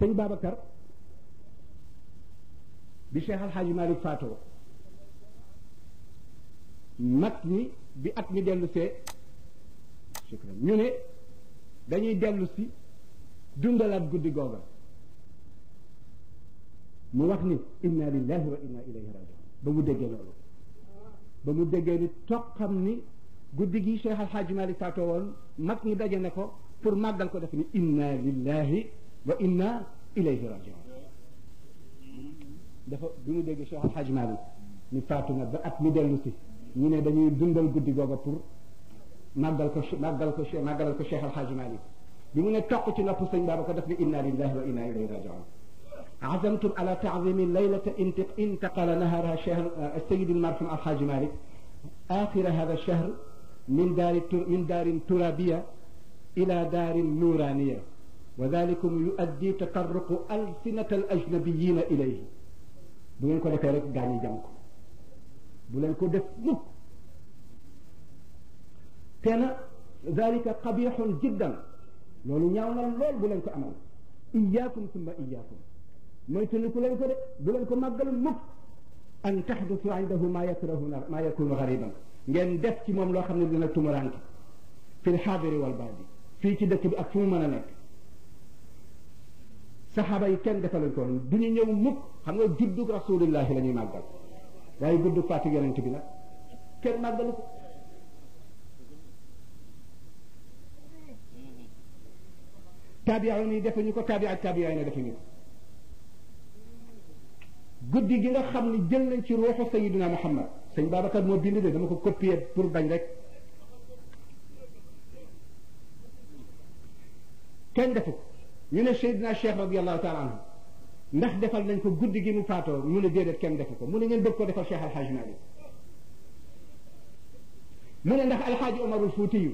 sëñ Babacar bi Cheikh Al Hadj Malick faatoo mag ñi bi at mi dellu ñu ne dañuy dellu si dundalaat guddi googa mu wax ni inna lillahi wa inna ilayhi rajiun ba mu déggee ni toqam ni guddi gi Cheikh Al Hadj Malick faatoo woon mag ñi daje ne ko pour màggal ko def ni inna lillahi وإنا إليه راجعون دافا بيمو ديغي شيخ الحاج مالي ني فاتو نا با ات مي دلوتي ني ني دانيو دوندال غودي غوغا بور ماغال كو الحاج مالي بيمو ني توك سي نوب انا لله وانا اليه راجعون عزمتم على تعظيم الليلة انتقل نهرها شهر السيد المرحوم الحاج مالك آخر هذا الشهر من دار من دار ترابية إلى دار نورانية وذلكم يؤدي تطرق ألسنة الأجنبيين إليه بلن كو دفيرك غاني جامكو بلن كان ذلك قبيح جدا لولو نياونا لول بلن أمل إياكم ثم إياكم ما يتنكو لن كو دف بلن مك أن تحدث عنده ما يكرهنا ما يكون غريبا ngeen def ci moom loo xam ne dina tumuranke fi lxaabiri walbaadi fii ci saxaaba yi kenn defaluñ ko woon du ñu ñëw mukk xam nga juddug rasulillahi la ñuy màggal waaye guddug faatu yonent bi nag kenn màggalu ko taabiyoon yi ko taabi ak taabiyoon yi defuñu ko guddi gi nga xam ni jël nañ ci ruuxu sayidina muhammad sëñ Babacar moo bind de dama ko copier pour bañ rek kenn defu ñu ne Seydina Cheikh radiyallahu taala anhu ndax defal nañ ko guddi gi mu faato ñu ne déedéet kenn defu ko mu ne ngeen bëgg ko defal Cheikh Alhaji mali mu ne ndax Alhaji Omarul Fuutiyu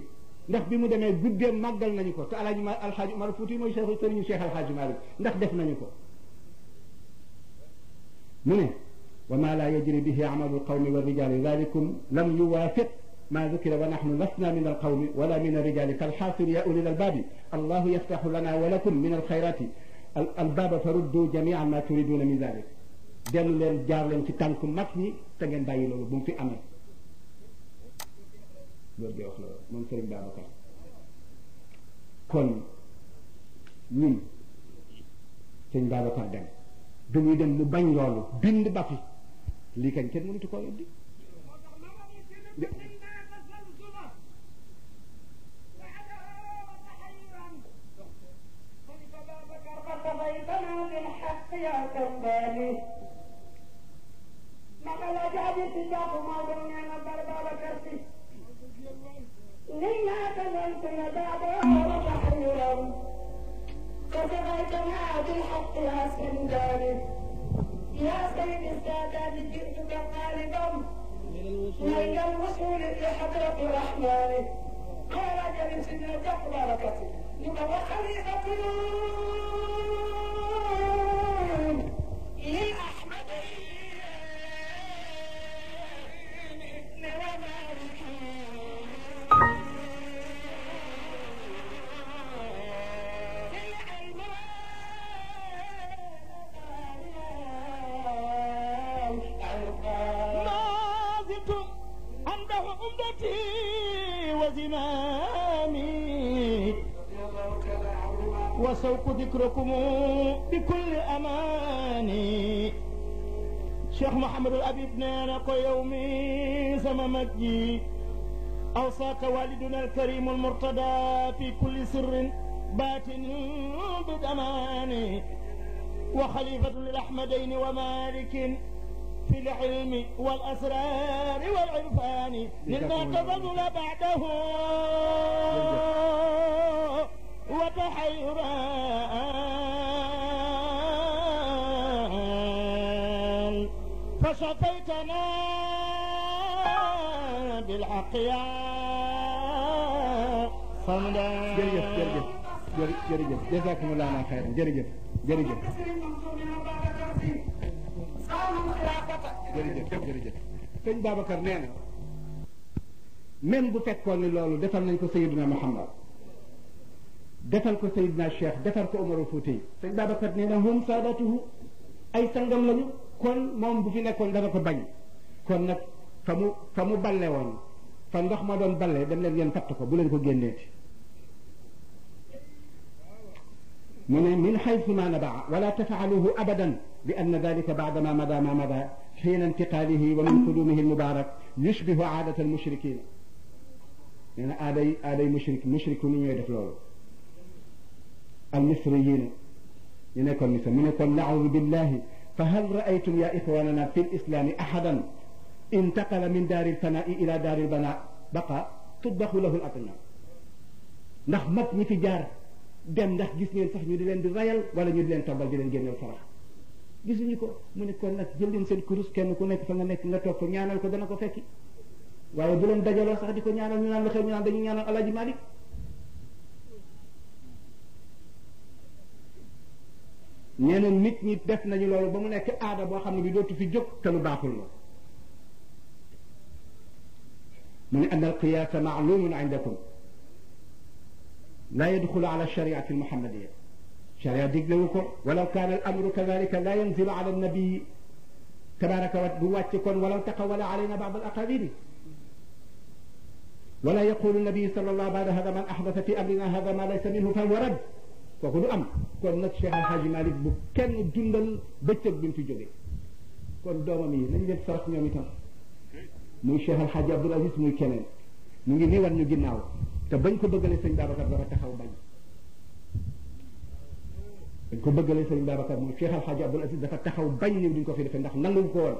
ndax bi mu demee guddee màggal nañu ko te Alhaji Alhaji Omarul Fuutiyu mooy Cheikh sëriñu Cheikh Alhaji mali ndax def nañu ko mu ne wa ma la yajri bihi amalu qawmi wa rijali dalikum lam yuwafiq ما ذكر ونحن لسنا من القوم ولا من الرجال كالحاصل يا أولي الباب الله يفتح لنا ولكم من الخيرات الباب فردوا جميعا ما تريدون من ذلك دل لين جار لين تانكم مكني تنجن باي لولو بوم في أمان لورجي أخلو من سرم بابك كون نم سرم بابك دم دم يدم مبين لولو بند بافي لكن كن منتو كو يدي جماعة الحق يسكن جانب يسكن السادة جئتك طالبا من الوصول إلى حضرة الرحمن قال جلس تقبل كثير لك وخليفتنا نازت عنده أمتي وزمامي وسوق ذكركم بكل أماني شيخ محمد الأبي ابن نانا يومي زمامتي أوصاك والدنا الكريم المرتضى في كل سر باطن بدماني وخليفة للأحمدين ومالك للحلم والأسرار والعرفان لما قصدنا بعده وتحيران فشفيتنا بالحق يا صمدا جرجف جرجف جرجف جزاكم الله خيرا جرجف جرجف jërëjëf jërëjëf sëñ Babacar nee na même bu fekkoon ni loolu defal nañ ko Seydina Muhammad defal ko Seydina Cheikh defal ko Omar Fouti yi sëñ Babacar nee na hum saadatuhu ay sangam lañu kon moom bu fi nekkoon dana ko bañ kon nag fa mu fa mu balle woon fa ndox ma doon balle dem leen ngeen fatt ko bu leen ko génneeti mu ne min xaysu ma nabaa wala tafaaluhu abadan لأن ذلك بعدما مضى ما مضى حين انتقاله ومن قدومه المبارك يشبه عادة المشركين لأن آلي آلي مشرك مشرك من يدفلون المصريين ينكون مثل من يقول نعوذ بالله فهل رأيتم يا إخواننا في الإسلام أحدا انتقل من دار الفناء إلى دار البناء بقى تطبخ له الأطنة نخمت في جار دم نخ جسمين صح نجدين بالريال ولا نجدين تبال جدين جنة الفرح gisuñu ko mu ne kon nag jël leen seen kurus kenn ku nekk fa nga nekk nga toog ko ñaanal ko dana ko fekki waaye bu leen dajaloo sax di ko ñaanal ñu naan lu xew ñu naan dañuy ñaanal alaji malik nee na nit ñi def nañu loolu ba mu nekk aada boo xam ne bi dootu fi jóg te lu baaxul la mu ne an alqiyaasa maalumun indakum la yadxulu ala shariati almuhammadiya شريعة دقلوكو ولو كان الأمر كذلك لا ينزل على النبي تبارك وتكون ولو تقول علينا بعض الأقابير ولا يقول النبي صلى الله عليه وسلم هذا من أحدث في أمرنا هذا ما ليس منه فهو رد فهو أم كون نتشيها حاجي مالك بكن جندل بيتك بنت جوغي كون دوما مي نجد سرق نيومي تام مي شيها الحاج عبد العزيز مي كنن نجد نيوان نجد ناو تبنكو بغلي سيدا بغلي سيدا بغلي dañ ko bëggalee sëriñ Babacar moom Cheikh Alhaji Abdoul Aziz dafa taxaw bañ ni duñ ko fi defee ndax nanguñ ko woon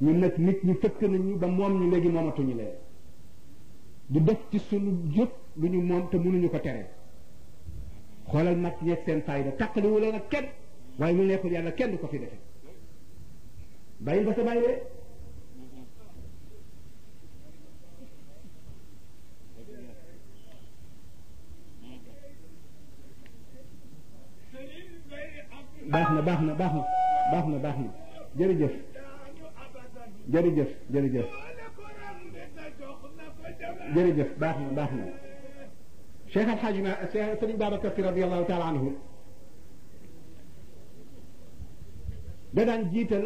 ñun nag nit ñi fëkk nañu ba moom ñu léegi moomatuñu leen du def ci suñu jëf lu ñu moom te mënuñu ko tere xoolal mag ñeeg seen fayda tàqaliwu leen ak kenn waaye lu neexul yàlla kenn du ko fi defee bàyyi ba sa bàyyi baax na baax na baax na baax na baax na jërëjëf jërëjëf jërëjëf jërëjëf baax na baax na cheikh alxaaji na sëriñ Babacar Si radiallahu taala anhu da daan jiital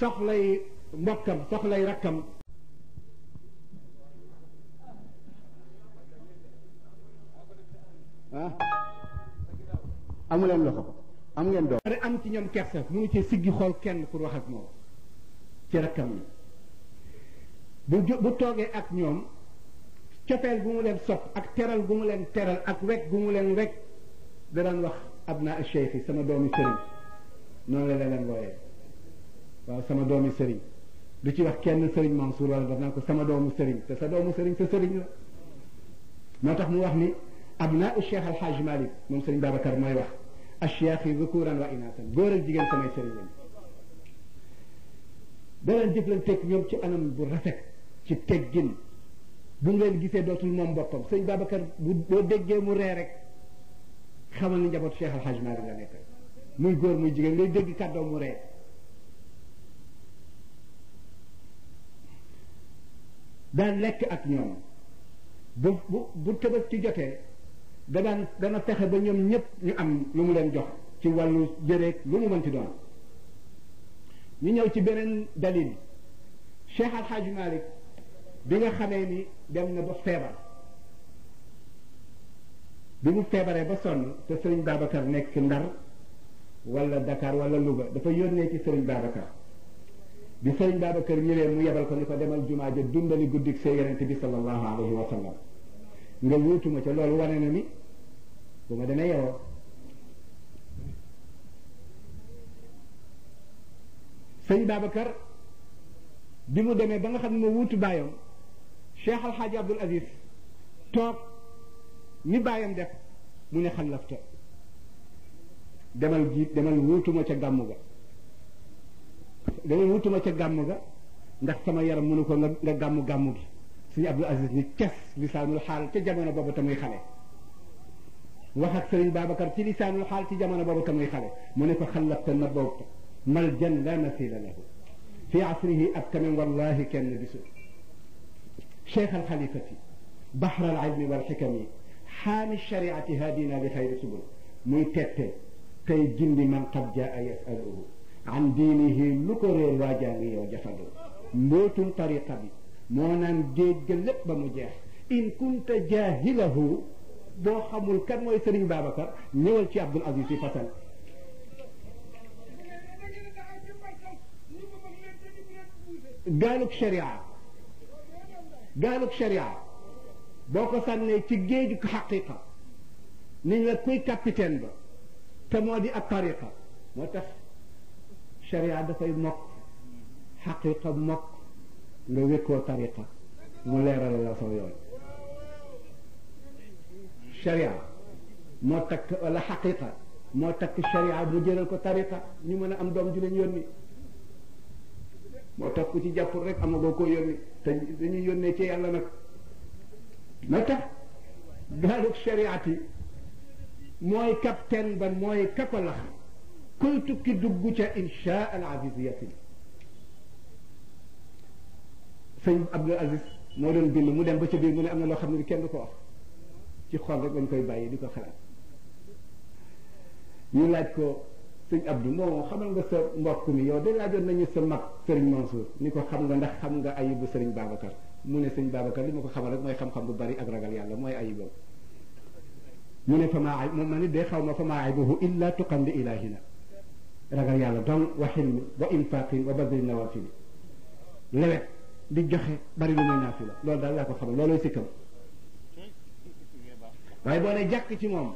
soxlay mbokkam soxlay rakkam amuleen loxo am ngeen doom pare am ci ñoom kersa mënu ci siggi xool kenn pour wax ak moom ci rakkam yi bu bu toogee ak ñoom cofeel bu mu leen sopp ak teral bu mu leen teral ak wekk bu mu leen wekk da daan wax ab naa cheikh yi sama doomi sëriñ noonu la leen wooyee waaw sama doomi sëriñ du ci wax kenn sëriñ Mansour wala daf naan ko sama doomu sëriñ te sa doomu sëriñ sa sëriñ la moo tax mu wax ni ab naa cheikh alxaaj Malik moom sëriñ Babacar mooy wax الشيخ ذكورا وإناثا قول الجيجان سمي سريعين بلان جفلان تيك ميوم تي أنام بو رفك تي تيك جن بون غير جيسي دوت المام بطم سي باباكر بو ديك جي مريرك خمال نجابوت شيخ الحاج ماري لانيك موي قول موي جيجان لي ديك كادو مريرك دان لك أك ميوم بو تبس تي جاتي danaan dana texe ba ñoom ñëpp ñu am lu mu leen jox ci wàllu jëreeg lu mu mënti doon ñu ñëw ci beneen dalil Cheikh Al Hadj Malick bi nga xamee ni dem na ba feebar bi mu feebaree ba sonn te Serigne Babacar nekk Ndar wala Dakar wala Louga dafa yónnee ci Serigne Babacar bi Serigne Babacar ñëwee mu yebal ko ni ko demal jumaa ja dundali guddik see yonent bi sallallahu alayhi wa sallam nga wuutu ca loolu wane na mi bu ma dana yewoo sëñ Babacar bi mu demee ba nga xam ne ma wuutu baayam Cheikh Alxaaji Abdul Aziz toog ni baayam def mu ne xallafta demal jiit demal wuutuma ca gàmm ga demal wutuma ca gàmm ga ndax sama yaram mënu ko nga gàmmu gàmm gi سيدي عبد العزيز ني كاس لسان الحال تي جامانا بابا تاموي خالي واخا سيرين بابكر تي لسان الحال تي جامانا بابا تاموي خالي مونيكو خلقت نبوك مال جن لا مثيل له في عصره أكمل والله كان بسوء شيخ الخليفة بحر العلم والحكم حام الشريعة هادينا لخير سبل ميتت كي جند من قد جاء يسأله عن دينه لكرير واجاني وجفده موت طريق بي moo naan géej ga lépp ba mu jeex in kunta jaahilahu boo xamul kan mooy sëriñ Babacar ñëwal ci Abdul Aziz yi fasal gaaluk sharia gaaluk sharia boo ko sànnee ci géeju xaqiqa niñ la kuy capitaine ba te moo di ab tariqa moo tax sharia dafay mokk xaqiqa mokk لوكو طريقة مليرة لصويون الشريعة موتك ولا حقيقة موتك الشريعة بجير لكو طريقة نمنا أم دوم جلين يوني موتك كتي جابر ريك أم غوكو يوني تنين يوني تي يالا نك متى دارك شريعتي موي كابتن بان موي كاكو لخ كنت كي دبوكا إن شاء العزيزية فيه sëñ Abdou Aziz moo doon bind mu dem ba ca biir mu ne am na loo xam ne kenn du ko wax ci xol rek lañ koy bàyyi di ko xalaat ñu laaj ko sëñ Abdou moom xamal nga sa mbokk mi yow de laajoon nañu sa mag sëriñ Mansour ni ko xam nga ndax xam nga ayibu sëriñ Babacar mu ne sëñ Babacar li ma ko mooy xam-xam bu bari ak ragal yàlla mooy ayibam mu ne fa moom ma de xaw ma fa maa ayibuhu illa li ilahina ragal yàlla donc wa xilmi wa infaqin wa bazli nawafili lewet di joxe bari lu muy naafi la loolu daal laa ko xamal loolooy sikkam waaye boo ne jàkk ci moom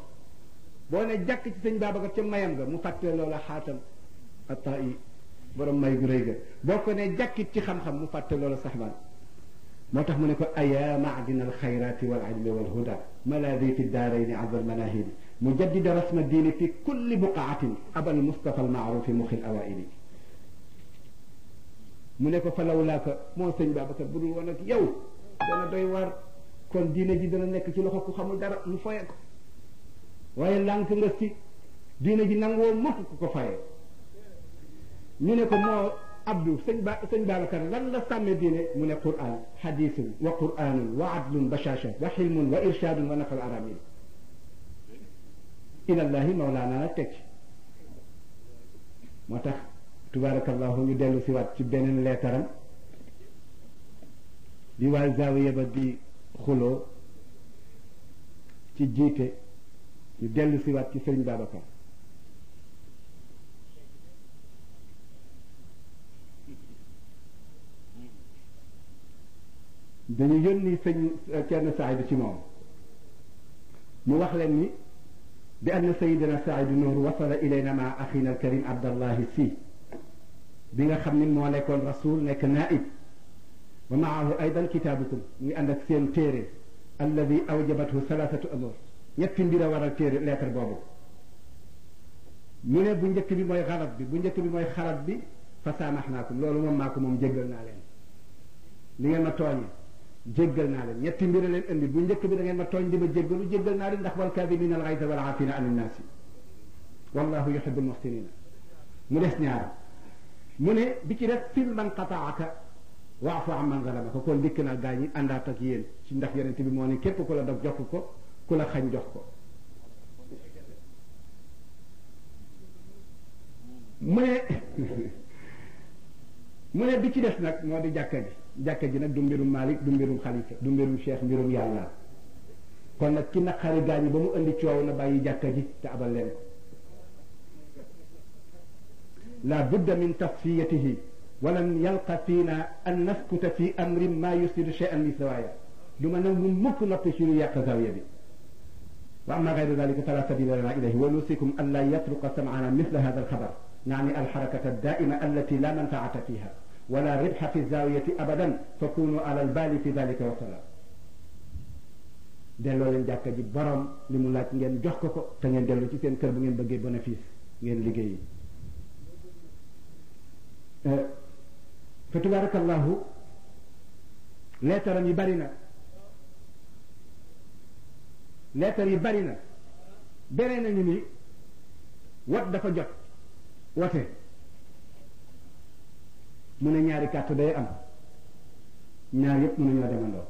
boo ne jàkk ci sëñ Babacar ca mayam ga mu fàtte loola xaatam ataa yi borom may gu rëy ga boo ko ne jàkkit ci xam-xam mu fàtte loola saxbaan moo tax mu ne ko ayaa maadina alxayraati wal ajli wal huda malaadi fi daarayni abal manahidi mujaddida rasma diini fi kulli buqaatin abal mustafa almaarufi muxil awaili mu ne ko fa lawlaaka moo sëñ Babacar bu dul woon ak yow dana doy waar kon diine ji dana nekk ci loxo ku xamul dara mu foye ko waaye lànk nga si diine ji nangoo mukk ku ko faye ñu ne ko moo abdu sëñ ba sëñ Babacar lan la sàmme diine mu ne quran hadithun wa quranun wa adlun bashasha wa xilmun wa irshadun wa nafal aramil ilallahi mawlaana la teg moo tax tubaarakallaahu ñu dellu si waat ci beneen leetaram bi waa zaawiya ba di xuloo ci jiite ñu dellu si waat ci sëriñ Babacar dañu yónni sëñ kenn euh, Saïd ci moom mu wax leen ni bi anna sayyidina Saïd Nour wasala ilayna ma axina al karim Abdallahi si بيغا خامني مو نيكون رسول نيك نائب ومعه ايضا كتابكم مي عندك سين تيري الذي اوجبته ثلاثه امور نيت ندير ورا تيري ليتر بوبو مو نيب بو نيك بي موي غلط بي بو نيك بي موي خلط بي فسامحناكم لولو مام ماكو موم جيغلنا لين لي ما توني جيغلنا لين نيت ندير لين اندي بو نيك بي دا نين ما توني ديما جيغلو جيغلنا لين ندخ وال من الغيث والعافين عن الناس والله يحب المحسنين مو ديس نيار mu ne bi ci def fil man qataaka waafu am ma zalamaka kon dikk naa gaa ñi àndaat ak yéen ci ndax yonent bi moo ne képp ku la dog jox ko ku la xañ jox ko mu ne mu ne bi ci des nag moo di jàkka ji jàkka ji nag du mbirum Malik du mbirum xalifa du mbirum cheikh mbirum yàlla kon nag ki naqari gaa ñi ba mu indi coow na bàyyi jàkka ji te abal leen ko لا بد من تصفيته ولن يلقى فينا أن نسكت في أمر ما يفسد شيئا للزوايا لما نوم مكنا نطشل يا زاوية بي وأما غير ذلك فلا سبيل لنا إليه ونوصيكم ألا يطرق سمعنا مثل هذا الخبر نعني الحركة الدائمة التي لا منفعة فيها ولا ربح في الزاوية أبدا فكونوا على البال في ذلك وسلام delloo leen jàkka borom li mu ngeen jox ko ko te ngeen delloo ci seen bu ngeen bénéfice ngeen Eh, fa tabarakallahu leetaram yi bari na leetar yi bari na beneen nañu ni wat dafa jot wate mu ne ñaari carte day am ñaar mu mën nañoo demandoo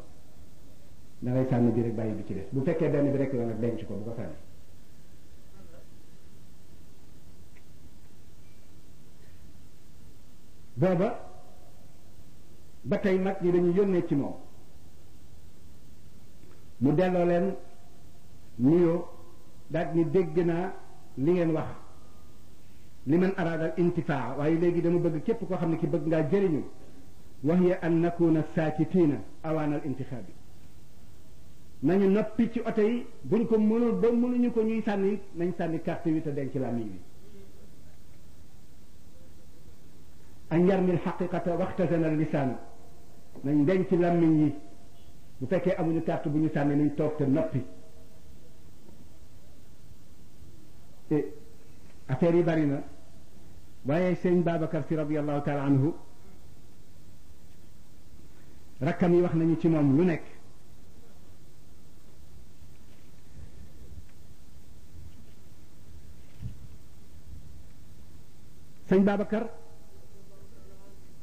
da ngay sànni bi rek bàyyi bi ci des bu fekkee benn bi rek la nag denc ko bu ko sànni booba ba tey mag ñi dañu yónnee ci moom mu delloo leen nuyoo daal ni dégg naa li ngeen wax li man araadal intifaa waaye léegi dama bëgg képp koo xam ne ki bëgg ngaa jëriñu wax ya an nakuna saakitiina awaanal intixaabi nañu noppi ci oto buñ ko mënul ba mënuñu ko ñuy sànni nañ sànni carte wi te denc làmmiñ wi an yarmi alxaqiqata waxtasana allisaan nañ denc làmmiñ yi bu fekkee amuñu carte bu ñu sànni nañ toog te noppi affaire yi bari na waaye sëñ Babacar si radiallahu taala anhu rakkam yi wax nañu ci moom lu nekk sëñ Babacar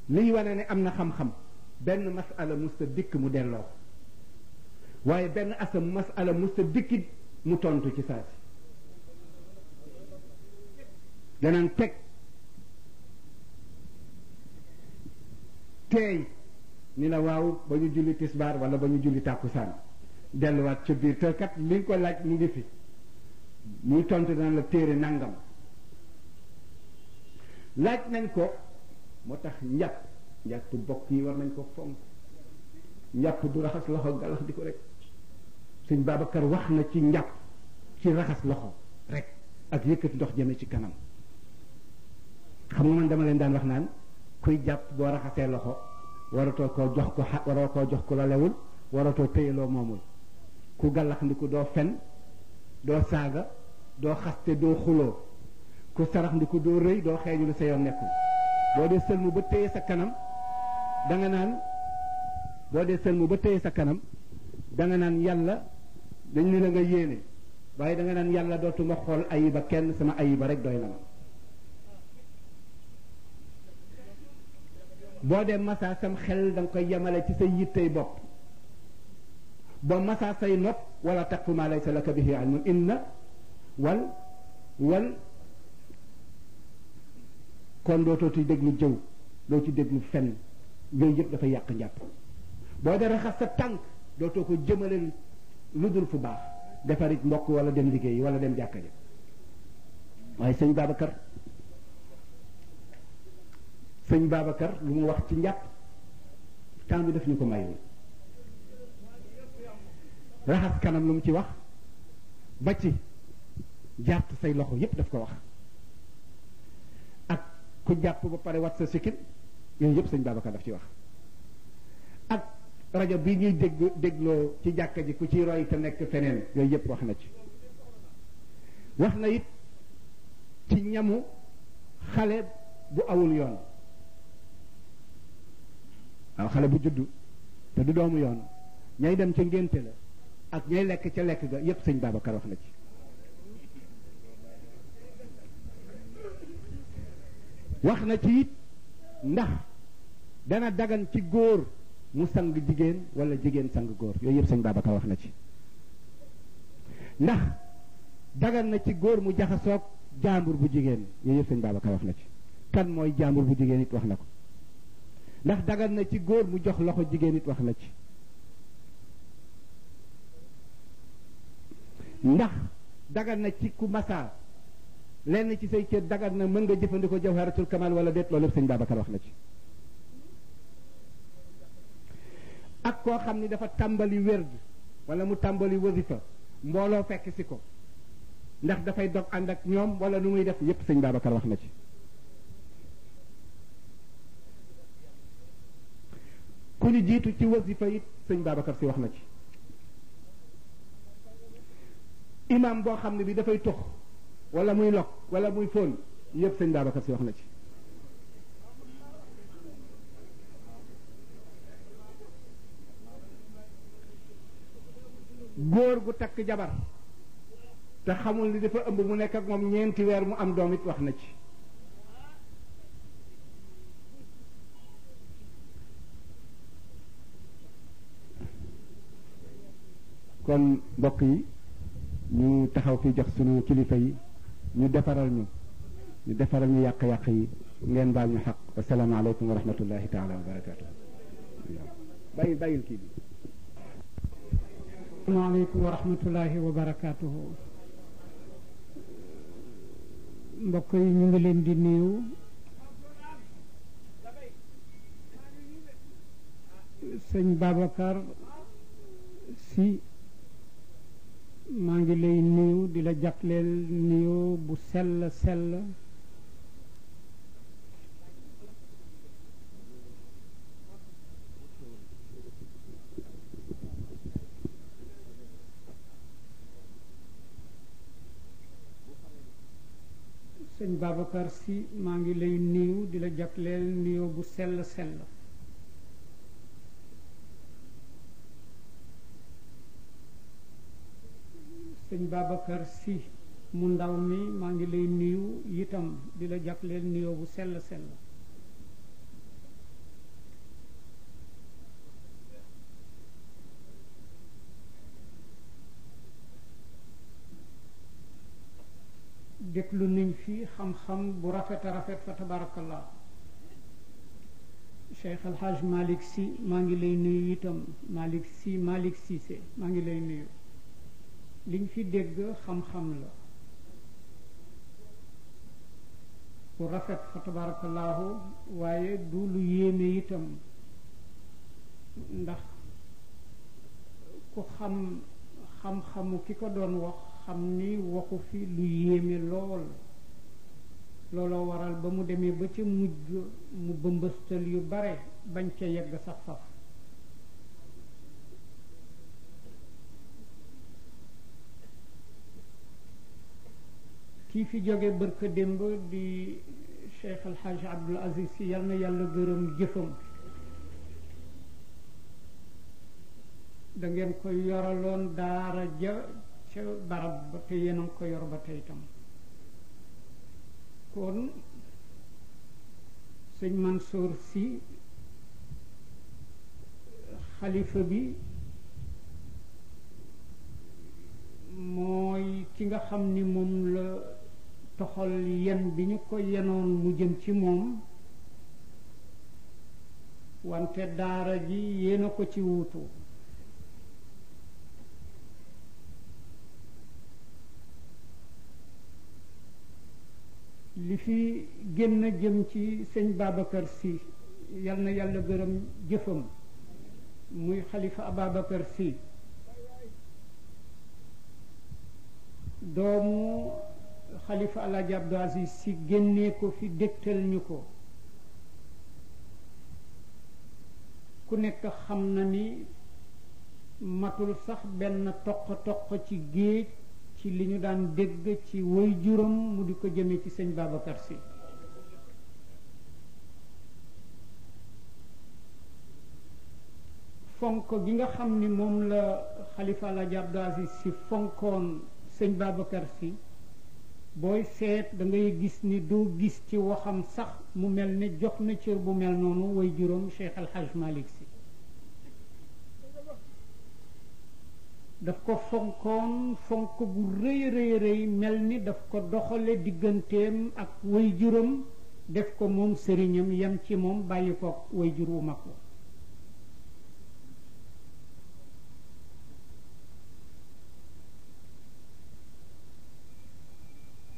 liy wane ne am na xam-xam benn masala musta dikk mu delloo waaye benn asa masala musta dikkit mu tontu ci saasi danaan teg teey ni la waaw ba ñu julli tisbaar wala ba ñu julli tàkkusaan delluwaat ca biir te kat li ko laaj mu ngi fi muy tontu dana la téere nangam laaj nañ ko moo tax njàpp njàpp bokk yi war nañ ko fonk njàpp du raxas loxo galax di ko rek sëñ Babacar wax na ci njàpp ci raxas loxo rek ak yëkkati ndox jëme ci kanam xam nga man dama leen daan wax naan kuy jàpp boo raxasee loxo waratoo koo jox ko xa waroo koo jox ku la waratoo téyeloo moomul ku gàllax ndiku doo fen doo saaga doo xaste doo xuloo ku sarax ndiku doo rëy doo xeeñu sa yoon nekkul boo dee sëlmu ba téye sa kanam danga naan boo dee sëlmu ba téye sa kanam da nga naan yàlla dañ ni la nga yéene waaye danga naan yàlla dootuma xool ayiba kenn sama ayiba rek doy na boo dee masaa sam xel danga nga koy yemale ci sa tey bopp ba masaa say nopp wala taqfu ma laysa laka bihi ilmun inna wal wal kon dootoo déglu jëw doo ci déglu fenn yooyu yëpp dafa yàq njàpp boo dee raxas sa tànk dootoo ko jëmaleel lu dul fu baax defarit mbokk wala dem liggéeyi wala dem jàkka ja waaye sëñ Babacar sëñ Babacar lu mu wax ci njàpp temps bi daf ñu ko mayoon raxas kanam lu mu ci wax ba ci jàpp say loxo yépp daf ko wax ku jàpp ba pare wat sa sikkin yooyu yëpp sëñ Babacar daf ci wax ak rajo bi ñuy dégg dégloo ci jàkka ji ku ci roy te nekk feneen yooyu yëpp wax na ci wax na it ci ñamu xale bu awul yoon waaw xale bu juddu te du doomu yoon ñay dem ca ngénte la ak ñay lekk ca lekk ga yëpp sëñ Babacar wax na ci wax na ci it ndax dana dagan ci góor mu sang jigéen wala jigéen sang góor yooyu yëpp sëñ Babacar wax na ci ndax dagan na ci góor mu jaxasoog jaambur bu jigéen yooyu wax na ci kan mooy jaambur bu jigéen it wax na ko ndax dagan na ci góor mu jox loxo jigéen it wax na ci ndax dagan na ci ku masaa lenn ci say cër dagat na mën nga jëfandikoo jawharatul kamal wala déet loolu lépp sëñ Babacar wax na ci ak koo xam ni dafa tàmbali wérd wala mu tàmbali wasifa mbooloo fekk si ko ndax dafay dog ànd ak ñoom wala nu muy def yépp sëñ Babacar wax na ci ku ñu jiitu ci wasifa it sëñ Babacar si wax na ci imam boo xam ne bi dafay tux wala muy lokk wala muy fóon yëpp sañ Babacar si wax na ci góor gu takk jabar te xamul ni dafa ëmb mu nekk ak moom ñeenti weer mu am doom wax na ci kon mbokk yi ñu taxaw fi jox sunu kilifa yi ñu defaral ñu ñu defaral ñu yàq-yàq yi ngeen baal ñu xaq wasalaamaaleykum wa rahmatullahi taala wa barakaatu bàyyi bàyyil kii bi asalaamaaleykum wa rahmatullahi wa barakaatu mbokk yi ñu ngi leen di nuyu sëñ Babacar si maa ngi lay nuyu di la jagleel nuyu bu sell sell sëñ Babacar si maa ngi lay la nuyu bu sell sell sëñ Babacar Sy mu ndaw maa ngi lay nuyu itam di la jàppaleel bu sell sell déglu nañ fi xam-xam bu rafet a rafet fa tabarakallah Cheikh El Hadj Malick maa ngi lay nuyu itam Malick si Malick Cissé maa ngi lay nuyu liñ fi dégg xam-xam la ku rafet fa tabarakallahu waaye du lu yéeme itam ndax ku xam xam-xamu ki ko doon wax xam ni waxu fi lu yéeme lool looloo waral ba mu demee ba ca mujj mu bëmbëstal yu bare bañ ca yegg sax faf kii fi jóge bërka démb di cheikh alxaaj abdul yàlla gërëm jëfam ngeen ko yoraloon daara ja ko yor si xalifa bi mooy ki nga xam ni moom la toxal yen bi ñu ko yenoon mu jëm ci moom wante daara ji yéena ko ci wuutu li fi génn jëm ci sëñ Babacar Sy yal na yàlla gërëm jëfam muy xalifa Ababacar Sy doomu xalifa alaaji Abdou Aziz si génnee ko fi dégtal ñu ko ku nekk xam na ni matul sax benn toq-toq ci géej ci li ñu daan dégg ci woy juram mu di ko jëme ci sëñ Babacar si fonk gi nga xam ni moom la xalifa alaaji Abdou si fonkoon sëñ Babacar si booy seet dangay gis ni doo gis ci waxam sax mu mel ni jox na cër bu mel noonu way juróom Cheikh Al Hadj Malick daf ko fonkoon fonk bu rëy rëy mel ni daf ko doxale digganteem ak way juróom def ko moom sëriñam yam ci moom bàyyi ko way jur wu mag wa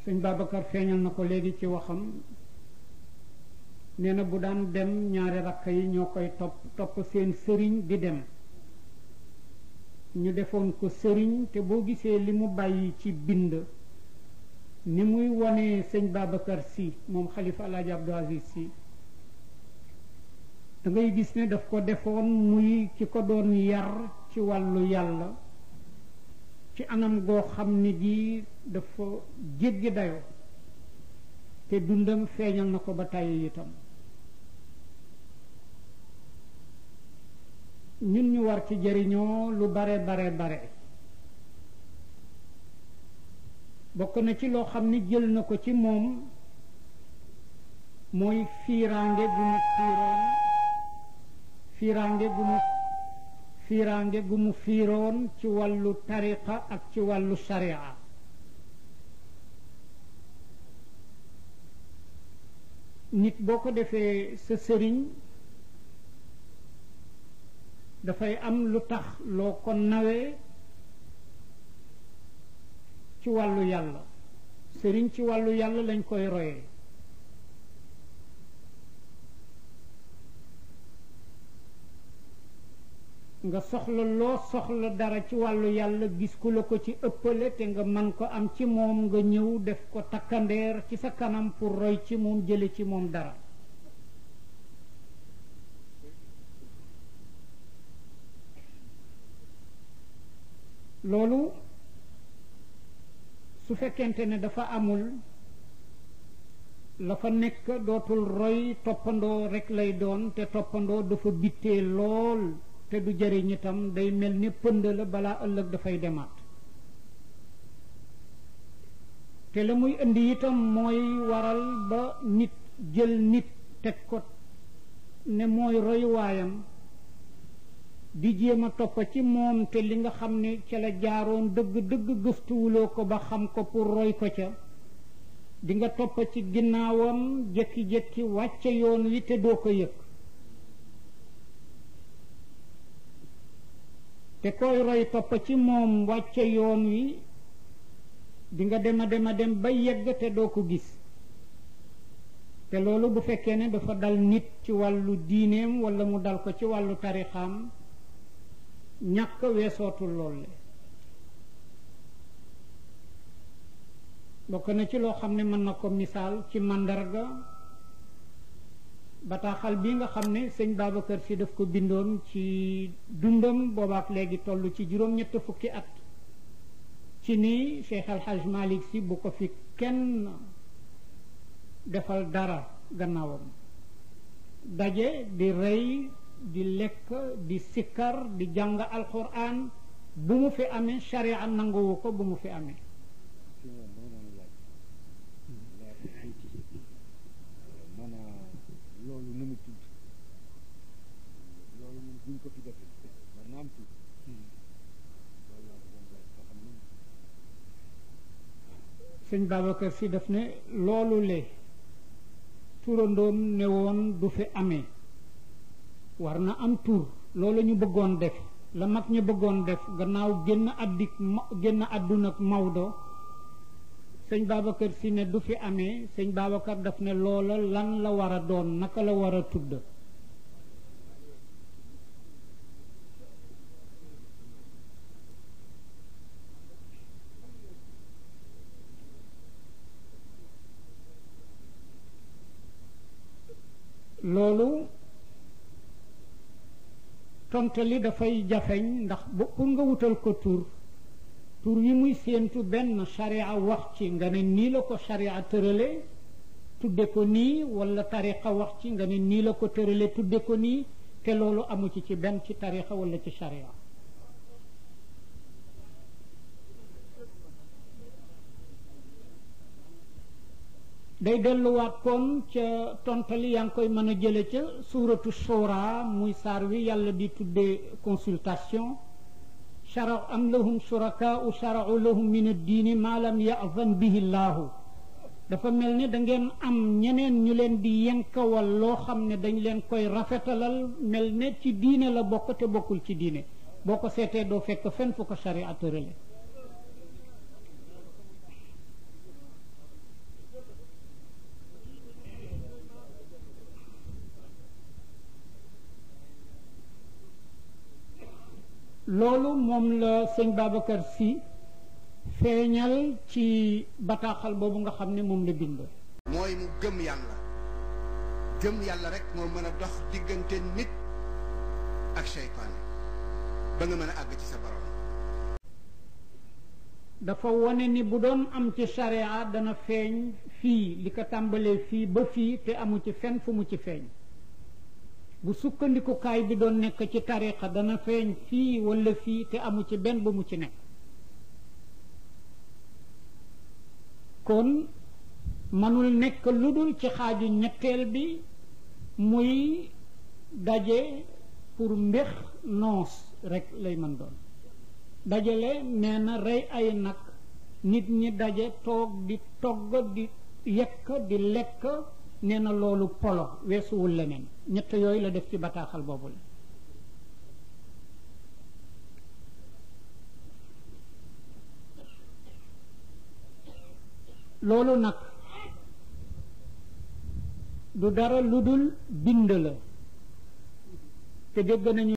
sëñ Babacar feeñal na ko léegi ci waxam nee bu daan dem ñaari rakk yi ñoo koy topp topp seen sëriñ di dem ñu defoon ko sëriñ te boo gisee li mu bàyyi ci bind ni muy wonee sëñ Babacar si moom xalifa Alaaji Abdou Aziz si dangay gis ni daf ko defoon muy ki ko doon yar ci wàllu yàlla ci anam goo xam ni gi dafa jéggi dayoo te dundam feeñal na ko ba tàyyi itam ñun ñu war ci jariñoo lu bare bare bare bokk na ci loo xam ni jël na ko ci moom mooy fiiraange bu mu fiiroon fiiraange bu mu fiiroon ci wàllu tariqa ak ci wàllu sharia nit boo ko defee sa sëriñ dafay am lu tax loo ko nawee ci wàllu yàlla sëriñ ci wàllu yàlla lañ koy royee nga soxla soxla dara ci wàllu yàlla gis ku la ko ci ëppale te nga man ko am ci moom nga ñëw def ko takkandeer ci sa kanam pour roy ci moom jële ci moom dara loolu su fekkente ne dafa amul la fa nekk dootul roy toppandoo rekk lay doon te toppandoo dafa bittee lool te du jëriñ itam day mel ni pënd la balaa ëllëg dafay demaat te la muy indi itam mooy waral ba nit jël nit teg ko ne mooy royuwaayam di jéem a topp ci moom te li nga xam ne ca la jaaroon dëgg-dëgg gëstuwuloo ko ba xam ko pour roy ko ca di nga topp ci ginnaawam jékki-jékki wàcce yoon wi te doo ko yëg te koy roy topp ci moom wàcce yoon wi di nga dem a dem dem ba yegg te doo ko gis te loolu bu fekkee ne dafa dal nit ci wàllu diineem walla mu dal ko ci wàllu tarixaam ñàkk weesootul loole bokk na ci loo xam ne mën na ko misaal ci màndarga bataaxal bi nga xam ne sëñ Babacar si daf ko bindoon ci dundam boobaat léegi toll ci juróom-ñett fukki at ci ni Cheikh Al Hadj si bu ko fi kenn defal dara gannaawam daje di rey di lekk di sikkar di jàng alquran bu mu fi amee sharia nanguwu ko bu mu fi amee sëñ Babacar si daf ne loolu le turandoom ne woon du fi amee war na am tur loolu ñu bëggoon def la mag ñu bëggoon def gannaaw génn addik génn àdduna ak Maodo sëñ Babacar si ne du fi amee sëñ Babacar daf ne loola lan la war a doon naka la war a tudd loolu tontali dafay jafeñ ndax ba nga wutal ko tur tur yi muy séentu benn sharia wax ci nga ne nii la ko sharia tërale tudde ko nii wala tariqa wax ci nga ne nii la ko tërale tudde ko nii te loolu amu ci ci benn ci tariqa wala ci sharia day delluwaat kon ca tontali yaa ngi koy mën a jële ca suuratu shura muy saar wi yàlla di tuddee consultation shara am lahum shurakaau sharau lahum min addiini maa lam yavan bihi llaahu dafa mel ni dangeen am ñeneen ñu leen di yenkawal loo xam ne dañ leen koy rafetalal mel ni ci diine la bokk te bokkul ci diine boo ko seetee doo fekk fenn fu ko sharia tërale loolu moom la sëñ Babacar si feeñal ci bataaxal boobu nga xam ne moom la bind mooy mu gëm yàlla gëm yàlla rek moo mën a dox diggante nit ak seytaane ba nga mën a àgg ci sa borom dafa wone ni bu doon am ci charia dana feeñ fii li ko tàmbalee fii ba fii te amu ci fenn fu mu ci feeñ bu sukkandikukaay bi doon nekk ci tariqa dana feeñ fii wala fii te amu ci benn bu mu ci nekk kon mënul nekk lu dul ci xaaju ñetteel bi muy daje pour mbéx noos rekk lay mën doon dajale nee rey ay nag nit ñi daje toog di togg di yekk di lekk nee na loolu polo weesuwul leneen ñett yooyu la def ci bataaxal boobu la loolu nag du dara lu dul bind la te dégg nañu